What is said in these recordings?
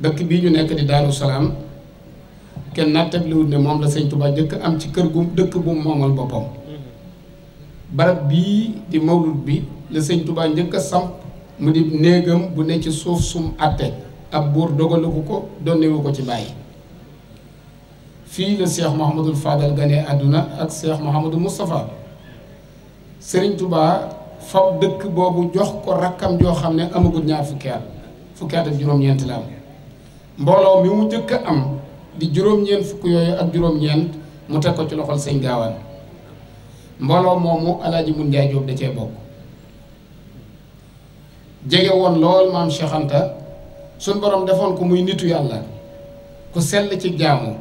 dëkk bii ñu nekk di Daaru Salaam kenn nattabliwut ne moom la sëñ Touba njëkk am ci kër gu dëkk bu moomal boppam mm-hmm. barab bii di mawlud bi la sëñ Touba njëkk a samp mu di néegam bu ne ci suuf sum àtte ab buur dogalagu ko donnewu ko ci bàyyi fii la Cheikh Mouhamadul Fadal gane àdduna ak Cheikh Mouhamadul Moustapha sëriñ Touba fab dëkk boobu jox ko rakkam joo xam ne amagul ñaar fukki at ak juróom-ñeent la am mbooloo mi mu njëkk a am di juróom-ñeent fukk yooyu ak juróom-ñeent mu teg ko ci loxol sëñ gaawaan mbooloo moomu alaaji mun njaay jóob da cee bokk jege woon lool maam Cheikh suñ borom defoon ko muy nitu yàlla ku sell ci jaamu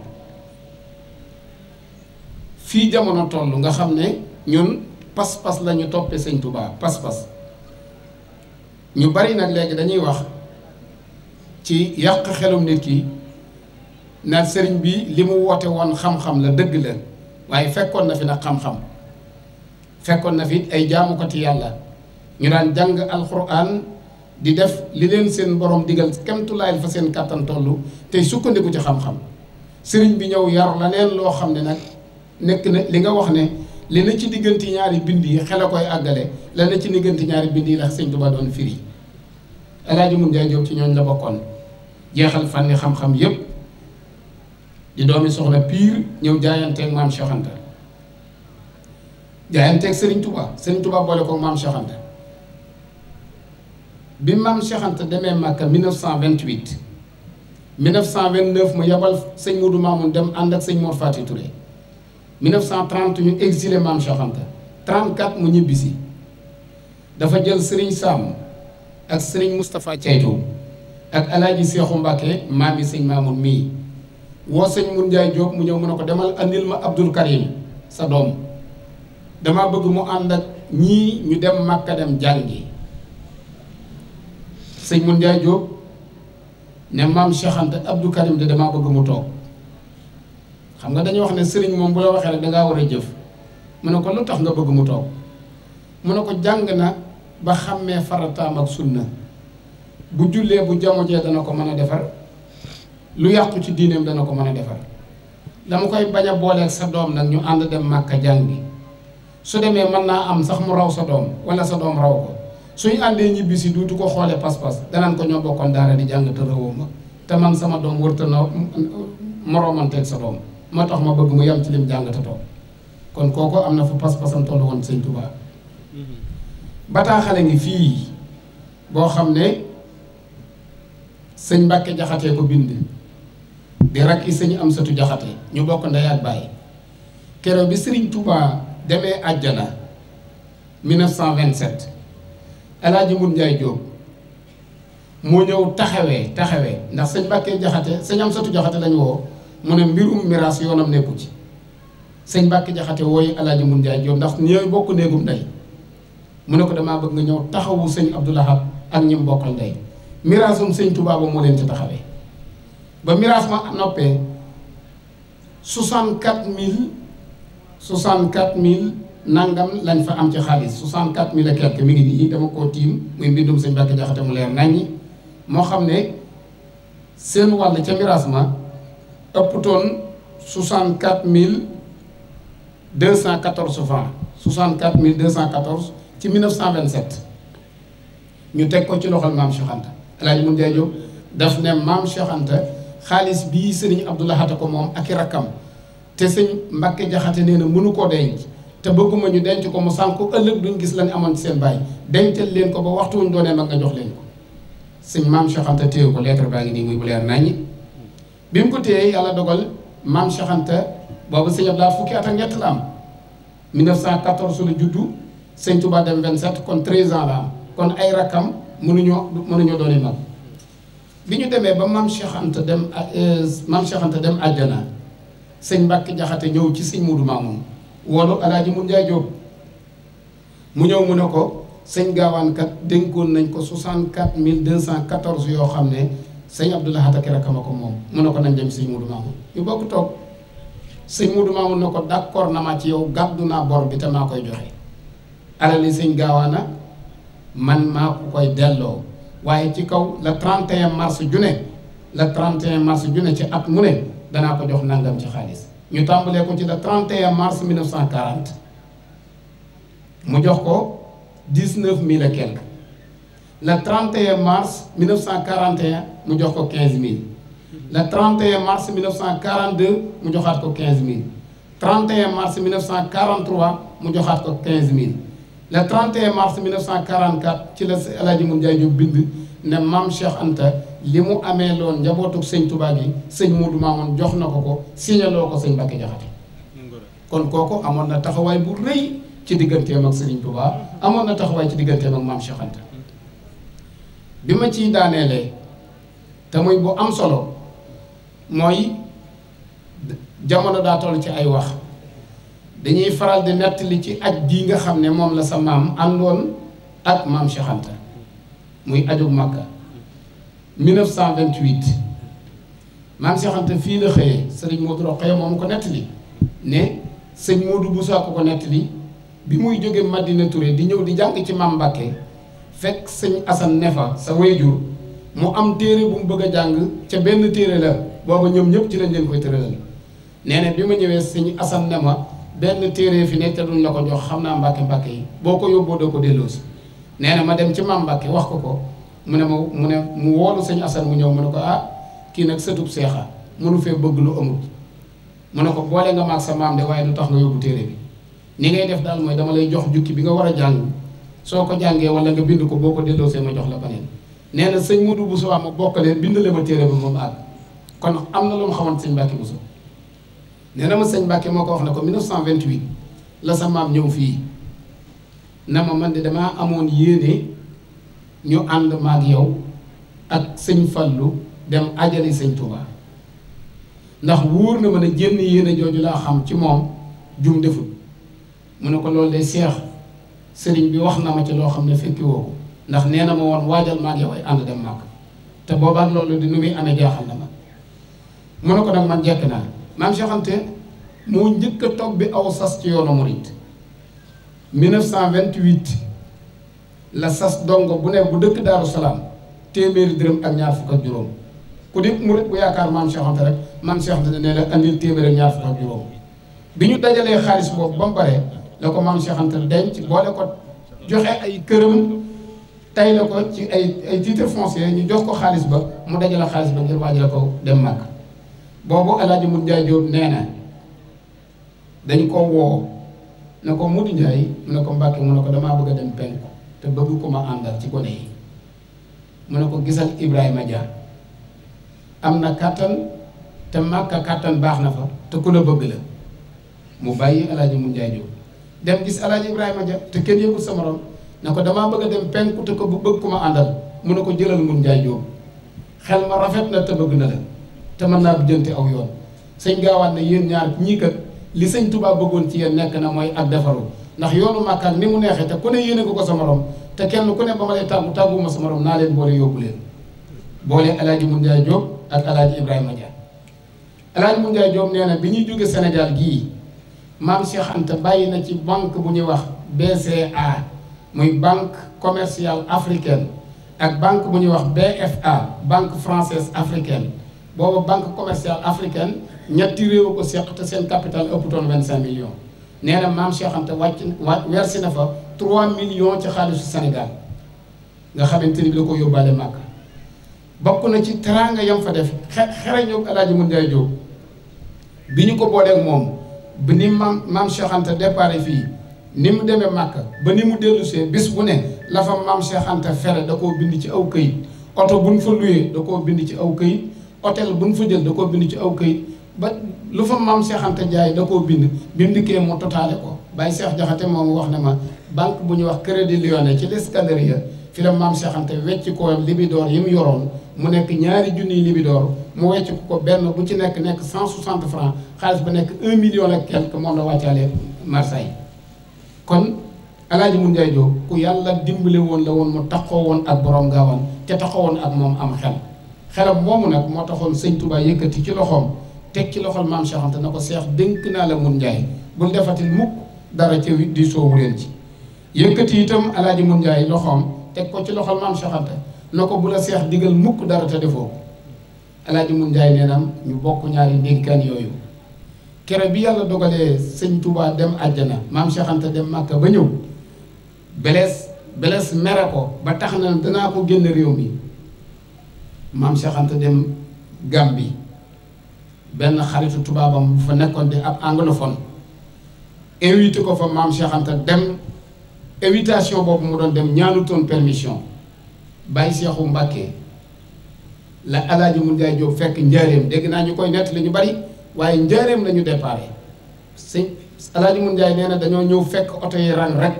fii jamono toll nga xam ne ñun pas-pas la ñu toppee sëñ Tuubaa pas-pas ñu bari nag léegi dañuy wax ci yàq xelum nit ki na sëriñ bi li mu woote woon xam-xam la dëgg la waaye fekkoon na fi nag xam-xam fekkoon na fi ay jaamukati yàlla ñu daan jàng alxuraan di def li leen seen borom digal kemtulaayal fa seen kàttan tollu tey sukkandiku ci xam-xam sëriñ bi ñëw yar la leen loo xam ne nag nekk na li nga wax ne li na ci diggante ñaari bind yi xel a koy àggale la na ci diggante ñaari bind yi la sëñ Tuubaa doon firi El Hadj ci ñooñ la bokkoon jeexal fànni xam-xam yépp di doomi soxna piir ñëw jaayanteeg maam Cheikh Anta jaayanteeg Serigne Touba Serigne boole ko maam Cheikh bi maam Cheikh Anta demee Màkka 1928 1929 mu yabal sëñ Modou Mamoun dem ànd ak sëñ Mor Fati Touré 1930 ñu exilé maam Cheikh mu ñibbisi dafa jël Serigne Sam ak Serigne Moustapha Ceytu ak alaaji seexu mbàkke maam yi sëñ maamun mii woo sëñ mun njaay jóob mu ñëw mu a ko demal andil ma abdul karim sa doom dama bëgg mu ànd ak ñii ñu dem màkka dem jàngi sëñ mun njaay jóob ne maam Cheikh Anta abdou karim de damaa bëgg mu toog xam nga dañuy wax ne sëriñ moom bu la waxee rek dangaa war a jëf mu ne ko lu tax nga bëgg mu toog mu ne ko jàng na ba xàmmee farataam ak sunna bu jullee bu jamojee dana ko mën a defar lu yàqu ci diineem dana ko mën a defar dama koy bañ a booleel sa doom nag ñu ànd dem màkka jàngi su demee mën naa am sax mu raw sa doom wala sa doom raw ko suy àndee ñibbi si duutu ko xoolee pas-pas danañ ko ñoo bokkoon daara di jàng te rawoo ma te man sama doom wërta na moroomanteeg sa doom moo tax ma bëgg mu yem ci lim jàng te toog kon kooku am na fa pas-pasam tollu woon sëñ Tuubaa mm-hmm. bataaxale ngi fii boo xam ne sëñ Mbàkke jaxatee ko bind di rakki sëñ am satu jaxate ñu bokk ndey ak baay keroog bi sëriñ Touba demee àjjana vingt El Hadj Mun Njaay Jóob moo ñëw taxawee taxawee ndax sëñ Mbàkke jaxate sëñ am satu jaxate lañu woo mu ne mbirum miraas yoonam nekku ci sëñ Mbàkke jaxate wooyu El Hadj Mun Njaay Jóob ndax ñooy bokk néegum ndey mu ne ko damaa bëgg nga ñëw taxawu sëñ Abdou ak ñi mu bokkal ndey miraasum sëñ Tuubaa moo leen ci taxawee ba miraas ma noppee soixante quatre mil soixante quatre nangam lañ fa am ci xaalis soixante quatre mille et quelque mi ngi nii dama koo tiim muy mbindum sëñ Mbàkke Jaxate mu leer naññi moo xam ne seen wàll ca miraas ma ëpp toon soixante quatre mille deux cent quatorze francs soixante quatre mille deux cent quatorze ci ñu teg ko ci loxol maam Cheikh Anta El Hadj Mun Jaay Jóob daf ne maam Cheikh xaalis bii sëriñ Abdoul Ahad ko moom ak i rakkam te sëñ Mbàkke Jaxate nee na mënu koo denc te bëgguma ñu denc ko mu sànq ëllëg duñ gis lañ amoon seen bàyyi dencal leen ko ba waxtu wuñ doonee mag nga jox leen ko sëñ maam Cheikh Anta téye ko lettre baa ngi nii muy bu leer bi mu ko téyee yàlla dogal maam Cheikh Anta boobu sëñ Abdoul Ahad fukki at ak ñett la am 1914 la juddu sëñ Touba dem 27 kon 13 ans la am mënuñoo mënuñoo doon imam bi ñu demee ba maam Cheikh dem euh, maam Cheikh Anta dem àjjana sëñ Mbàkke Jaxate ñëw ci sëñ Mudu Maamun woolu Alaaji Mun Njaay Jóob mu ñëw mu ne ko sëñ gaawaankat dénkoon nañ ko cent 214 yoo xam ne sëñ Abdoulaye Hatake rek ma ko moom mu ne ko nañ dem sëñ Mudu Maamun ñu bokk toog sëñ Mudu Maamun ne ko d'accord na ma ci yow gàddu naa bor bi te maa koy joxe alali sëñ gaawaana man maa ko koy delloo waaye ci kaw la 31 mars ju la le 31 mars ju ne ci at mu ne danaa ko jox nangam ci xaalis ñu tàmbalee ko ci la 31 mars 1940 mu jox ko 19000 et quelque le 31 mars 1941 mu jox ko 15000 le 31 mars 1942 mu joxaat ko 15000 31 mars 1943 mu joxaat ko 15000. la 31 mars 1944 ci la El Hadj Mun Njaay Jóob bind ne maam Cheikh li mu amee loon njabootu sëñ Tuubaa yi sëñ Muudu Maamoon jox na ko ko signaloo ko sëñ Mbàkke Jaxate kon kooku amoon na taxawaay bu rëy ci digganteem ak sëriñ Tuubaa amoon na taxawaay ci digganteem ak maam Cheikh bi ma ciy daaneelee te muy bu am solo mooy jamono daa toll ci ay wax dañuy faral di nettali ci aj ji nga xam ne moom la sa maam àndoon ak maam Cheikh muy ajug Makka 1928 maam Cheikh Anta fii la xëyee sëriñ Modou Rokhaya moom ko nettali ne sëñ Modou Boussa ko ko nettali bi muy jóge Madina Touré di ñëw di jàng ci maam Mbàkke fekk sëñ Assane Nefa sa wayjur mu am téere bu mu bëgg a jàng ca benn téere la booba ñoom ñëpp ci lañ leen koy tëralal nee na bi ma ñëwee sëñ Assane ne ma benn téere fi nekk te duñ la ko jox xam naa mbàkke mbàkke yi boo ko yóbboo doo ko delloosi nee na ma dem ci maam mbàkke wax ko ko mu ne ma mu ne mu woolu sëñ Assane mu ñëw mu ne ko ah kii nag sëtub seexa mënu fee bëgg lu amul mu ne ko boole nga maag sa waaye du tax nga yóbbu téere ni ngay def daal mooy dama lay jox jukki bi nga war a jàng soo ko jàngee wala nga bind ko boo ko delloosee ma jox la baneen nee na sëñ Modou Bousso ma bokkaleen bind le ma téere bi moom àgg kon am na lu mu xamoon sëñ Mbàkke Bousso nee na ma sëñ Mbàkke moo ko wax ne ko 1928 la sa maam ñëw fii na ma man di damaa amoon yéene ñu ànd maag yow ak sëñ Fallu dem ajali sëñ Touba ndax wóor na ma ne jenn yéene jooju laa xam ci moom jum deful mu ne ko loolu de seex sëriñ bi wax na ma ci loo xam ne fekki woo ko ndax nee na ma woon waajal maag yow ay ànd dem maag te boobaan loolu di nu muy amee jaaxal na ma mu ne ko nag man jekk naa maam Cheikh moo njëkk a bi aw sas ci yoonu murit 1928 la sas dongo bu ne bu dëkk Daaru Salaam téeméeri dërëm ak ñaar fukk ak juróom ku di murit bu yaakaar maam rek maam Cheikh Anta nee la andil téeméeri ak ñaar fukk ak juróom bi ñu dajalee xaalis boobu ba mu bare la ko maam Cheikh Anta denc boole ko joxe ay këram tay la ko ci ay ay titre foncier ñu jox ko xaalis ba mu dajale xaalis ba ngir waajal ko dem Màkka boobu El Hadj Modou Ndiaye nee na dañ ko woo ne ko Modou Ndiaye mu ne ko Mbàkke mu ne ko damaa bëgg a te bëgg ko ma ci gone yi mu ne ko gisal Ibrahima Dia am na kàttan te màkka baax na fa te ku la bëgg mu bàyyi El Hadj Modou Ndiaye Diop dem kenn yëgul sa morom ne ko damaa bëgg a dem penku te ko bëgg ko ma àndal mu ne ko jëlal Modou Ndiaye Diop xel ma rafet na te bëgg na la. te mën naa jënte aw yoon sëñ gaawaan ne yéen ñaar ñii kat li sëñ Tuubaa bëggoon ci yéen nekk na mooy ak defaru ndax yoonu màkkaat ni mu neexee te ku ne yéene ko ko sa morom te kenn ku ne ba ma lay tàggu tàggu ma sa morom naa leen boole yóbbu leen boole alaaji mun jaay Jóob ak alaaji Ibrahima Dia alaaji mun jaay Jóob nee na bi ñuy jóge Sénégal gii maam Cheikh Anta bàyyi na ci banque bu ñuy wax BCA muy banque commercial africaine ak banque bu ñuy wax BFA banque française africaine booba banque commerciale africaine ñetti réew ko seq te seen capital ëpp toon vingt cinq millions nee na maam Cheikh Anta wàcc wa wersi na fa trois millions ci xaalisu Sénégal nga xamante ni bi la ko yóbbaale màkk bokk na ci teraanga yam fa def xe xereñoog Alaaji Moundiaye Diop bi ñu ko booleeg moom bi ni maam maam Cheikh Anta départ fii ni mu demee màkk ba ni mu dellusee bis bu ne la fa maam Cheikh Anta fere da koo bind ci aw këyit oto buñ fa luyee da ko bind ci aw këyit hôtel bu ñu fa jël da koo bind ci aw këyit ba lu fa maam seexante Anta Ndiaye da koo bind bi mu dikkee mu totaale ko Baye Cheikh Jaxate moom wax ne ma banque bu ñuy wax Crédit Lyonnais ci l'Escandria fi la maam Cheikh Anta wecc ko libidoor yi mu yoroon mu nekk ñaari junniy libidoor mu wecc ko benn bu ci nekk nekk cent soixante francs xaalis ba nekk un million ak quelque moom la wàccaale Marseille kon alaaji mun njaay joo ku yàlla dimbale woon la woon mu taxoo woon ak borom gaawan te taxoo woon ak moom am xel xerab moomu nag moo taxoon sëñ Touba yëkkati ci loxoom teg ci loxol maam Cheikh na ko seex dënk naa la mun njaay bul defatil mukk dara ci di soowu leen ci yëkkati itam alaaji mun njaay loxoom teg ko ci loxol maam Cheikh Anta na ko bu la seex digal mukk dara te defoo alaaji mun njaay nee ñu bokk ñaari dénkaan yooyu kere bi yàlla dogalee sëñ Touba dem àjjana maam Cheikh Anta dem Màkka ba ñëw belees belees mere ko ba tax na danaa ko génn réew mi maam Cheikh Anta dem Gambie benn xaritu tubaabam bu fa nekkoon di ab anglophone invité ko fa maam Cheikh dem invitation boobu mu doon dem ñaanutoon permission bàyyi Seexu Mbàkke la alaaji mun jaay Jóob fekk njaareem dégg naa ñu koy nettali ñu bari waaye njaareem la ñu déparé sëñ alaaji mun jaay nee na dañoo ñëw fekk oto yi rang rek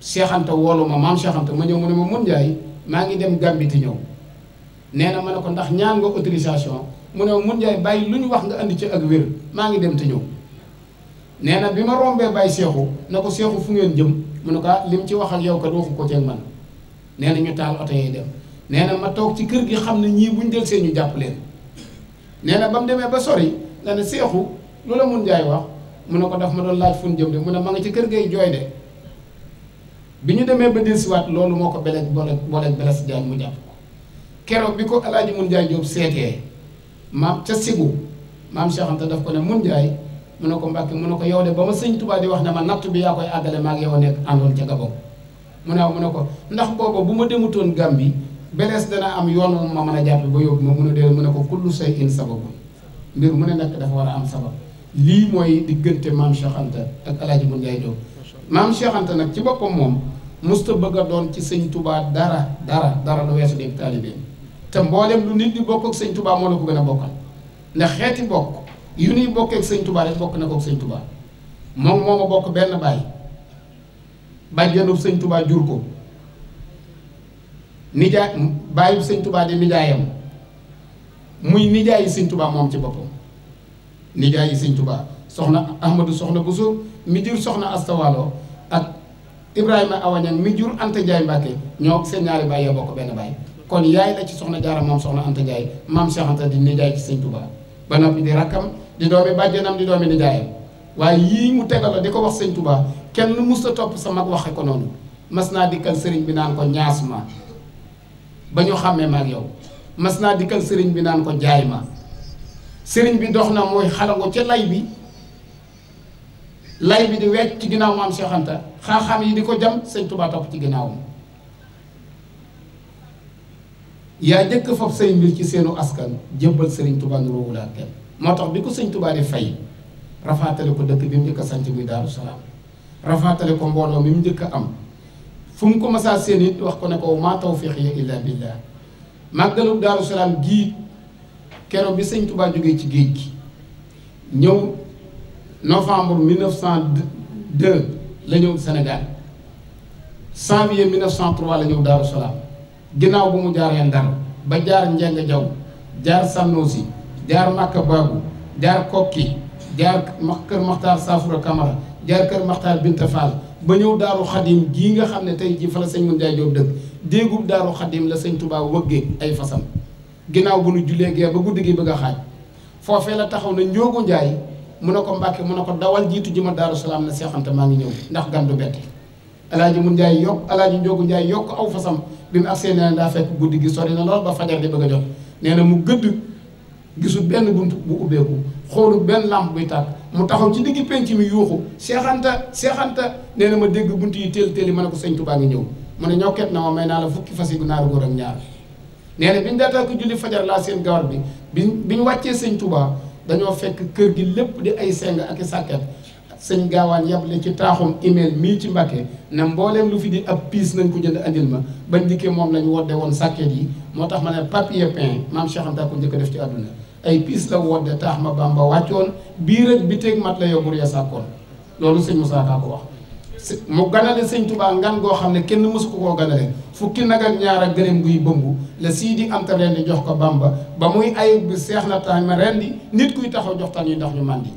Cheikh Anta woolu ma maam Cheikh ma ñëw mu ne ma mun jaay maa ngi dem Gambie ti ñëw nee na ma ne ko ndax ñaan nga autorisation mu ne mun jaay bàyyi lu ñu wax nga indi ci ak wér maa ngi dem te ñëw nee na bi ma rombee bàyyi seexu na ko seexu fu ngeen jëm mu ne ko ah, li mu ci wax ak yow kat waxu ko ceeg man nee na ñu taal oto yi dem nee ma toog ci kër gi xam ne ñii buñ del see ñu jàpp leen nee na ba mu demee ba sori la ne seexu lu la mun jaay wax mu ne ko daf ma doon laaj fu ñu jëm de mu ne ma nga ci kër gay jooy de bi ñu demee ba delsiwaat loolu moo ko beleeg boole booleeg beles jaan mu jàpp keroog bi ko El Hadj Mun Njaay Jóob seetee maam ca Sigu maam Cheikh daf ko ne Mun Njaay mu ne ko Mbàkke mu ne ko yow de ba ma sëñ Tuubaa di wax ne ma natt bi yaa koy àggale maa ngi yow nekk àndoon ca Gabon mu ne mu ne ko ndax booba bu ma demutoon Gàmbi belees dana am yoon wu ma mën a jàpp ba yóbbu ma mu mu ne ko kullu say in sababu mbir mu ne nekk dafa war a am sabab lii mooy diggante maam Cheikh Anta ak El Hadj Mun Njaay Jóob maam nag ci boppam moom musta bëgg a doon ci sëñ Tuubaa dara dara dara la weesu dégg taalibeem te mboolem lu nit di bokk ak sëñ tubaa moo la ko gën a bokkal ndax xeeti bokk yu nuy bokkee sëñ tubaa rek bokk na ko sëñ tubaa moom moo benn baay bàjjanub sëñ jur ko nijaay bàyyub sëñ tubaa muy nijaay yi sëñ tubaa moom ci boppam nijaay yi sëñ tubaa soxna ahmadu soxna buso mi jur soxna astawalo ak ibrahima awañan mi jur anta njaay mbàkke ñoo seen ñaari baay bokk benn baay kon yaay la ci soxna jaara moom soxna Anta Ndiaye maam Cheikh Anta di nijaay ci sëñ Touba ba noppi di rakkam di doomi bàjjanam di doomi nijaayam waaye yii mu tegal la di ko wax sëñ Touba kenn mus a topp sa mag waxe ko noonu mas naa dikkal sëriñ bi naan ko ñaas ma ba ñu ma yow mas naa dikkal sëriñ bi naan ko ma sëriñ bi dox na mooy xalango ca lay bi lay bi di wecc ci ginnaaw maam Cheikh Anta xaaxaam yi di ko jam sëñ Touba topp ci ginnaawam yaa njëkk a fab say mbir ci seenu askan jébbal Serigne Touba nu roowulaat kenn moo tax bi ko sëñ Touba di fay rafaatale ko dëkk bi mu njëkk a sanc muy Daaru rafaatale ko mbooloo mi mu njëkk a am fu mu ko masaa seen wax ko ne ko maa tawfiiqi illaa billaah màggalu Daaru Salaam gii keroog bi sëñ Touba jógee ci géej gi ñëw novembre 1902 la ñëw Sénégal janvier 1903 la ñëw Daaru Salaam ginnaaw bu mu jaaree Ndar ba jaar Njeng Jaw jaar Sannoosi jaar Makka Baabu jaar Kokki jaar kër Maxtaar Saafura Kamara jaar kër Maxtaar Binta Fall ba ñëw Daaru Xadim gii nga xam ne tey jii fa la sëñ Mun Jaay Joob dëkk déegub Daaru Xadim la sëñ Tuubaa wëggee ay fasam ginnaaw bu nu jullee gee ba guddi gi bëgg xaaj foofee la taxaw ne Njoogu Njaay mu ne ko Mbàkke mu ne ko dawal jiitu ji ma Daaru Salaam ne seexante maa ngi ñëw ndax gan du bette alaaji mun njaay yokk alaaji njogu njaay yokk aw fasam bi mu agsee nee na daa fekk guddi gi sori na lool ba fajar di bëgg a jot nee mu gëdd gisul benn bunt bu ubbeeku xoolu benn làmp buy tàkk mu taxaw ci digg penc mi yuuxu seexanta seexanta nee ma dégg bunt yi téel téel yi ma ne ko sëñ Tuubaa ngi ñëw mu ne ñokket na ma may naa la fukki fas yi naaru góor ak ñaar nee na bi ñu daataa ko julli fajar laa seen gawar bi bi bi ñu wàccee sëñ Tuubaa dañoo fekk kër gi lépp di ay seng ak i sëñ gaawaan yable ci taaxum email mii ci Mbàkke na mbooleem lu fi di ab piis nañ ko jënd andil ma ba ndikkee moom lañ wodde woon sàkket yi moo tax ma ne papier peint maam Cheikh ko def ci àdduna ay piis la wodde taax ma Bàmba wàccoon bii bi teg mat la yobur ya sàkkoon loolu sëñ Moussa Ka ko wax mu ganale sëñ Touba ngan goo xam ne kenn mësu ko koo ganale fukki nag ak ñaar ak gëléem guy bëmbu la sii di am ta jox ko baam ba ba muy ay bi seex na taañ ma rendi nit kuy taxaw jox tan yi ndax ñu màndi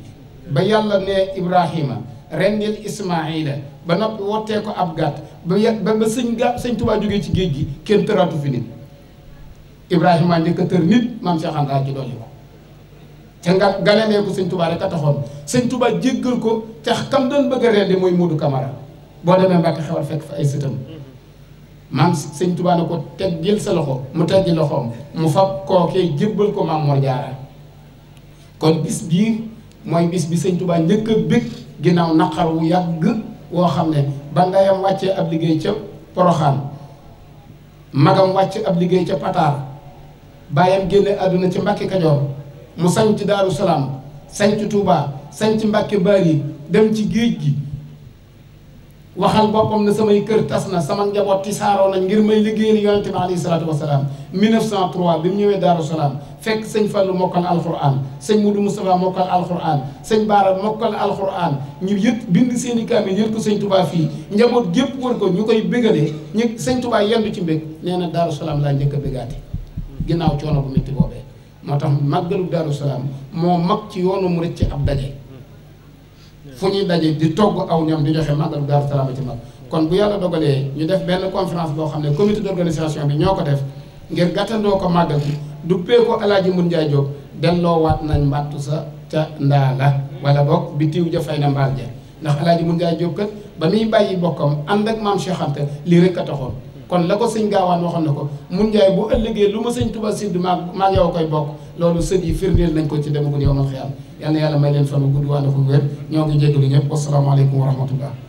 ba yàlla ne Ibrahima rendil Ismaila ba noppi wottee ko ab gàtt ba yà ba sëñ ga sëñ Tuubaa jógee ci géej gi kenn tëraatu fi nit Ibrahima njëkk a tër nit maam Cheikh Anta ci dolli ko te nga ganalee ko sëñ Tuubaa rek ko te kam doon bëgg a rendi mooy Modou Camara boo demee Mbàkke xewal fekk fa ay sëtam maam sëñ Tuubaa ne ko teg jël sa loxo mu teggi loxoom mu fa kookee jébbal ko maam Mor Jaara kon bis bii mooy bis bi sëñ Tuubaa njëkk a bég ginnaaw naqar wu yàgg woo xam ne ba ndeyam wàccee ab liggéey ca Poroxaan magam wàcc ab liggéey ca Pataar baayam génne àdduna ci Mbàkke Kajoor mu sañ ci Daaru Salaam sañ ci Tuubaa sañ ci Mbàkke Baari dem ci géej gi waxal boppam ne samay kër tas na sama njaboot ci saaroo nañ ngir may liggéeyal yonente bi alayhi salaatu wasalaam 1903 bi mu ñëwee Daaru Salaam fekk sëñ Fallu mokkal alquran mu Mudu Moustapha mokkal alquran sëñ Baara mokkal alquran ñu yët bind seen i kaamil yët ko Tubaa fii njaboot gépp wër ko ñu koy bégalee ñu sëñ Tubaa yendu ci mbég nee na Daaru Salaam laa njëkk a bégaate ginnaaw coono bu métti boobee moo tax màggalu Daaru Salaam moo mag ci yoonu mu rëcc ab daje fu ñuy daje di togg aw ñoom di joxe màggal Daaru Salaam ci mag kon bu yàlla dogalee ñu def benn conférence boo xam ne comité d'organisation bi ñoo ko def ngir gàttandoo ko màggal bi duppee ko Alaaji Mun Njaay Jóob delloo waat nañ mbàttu sa ca ndaa la wala bokk bi tiiw ja fay na mbaal ja ndax Alaaji Mun Njaay Jóob kat ba muy bàyyi bokkam ànd ak maam Cheikh Anta lii rek a taxoon kon la ko sëñ gaawaan waxoon na ko mun njaay bu ëllëgee lu ma sëñ Tuubaa sidd maa maa yow koy bokk loolu sët yi firndeel nañ ko ci dem yow ma xiyam yal yàlla may leen fan bu gudd waane ko wér ñoo ngi jégalu ñëpp wasalaamaaleykum wa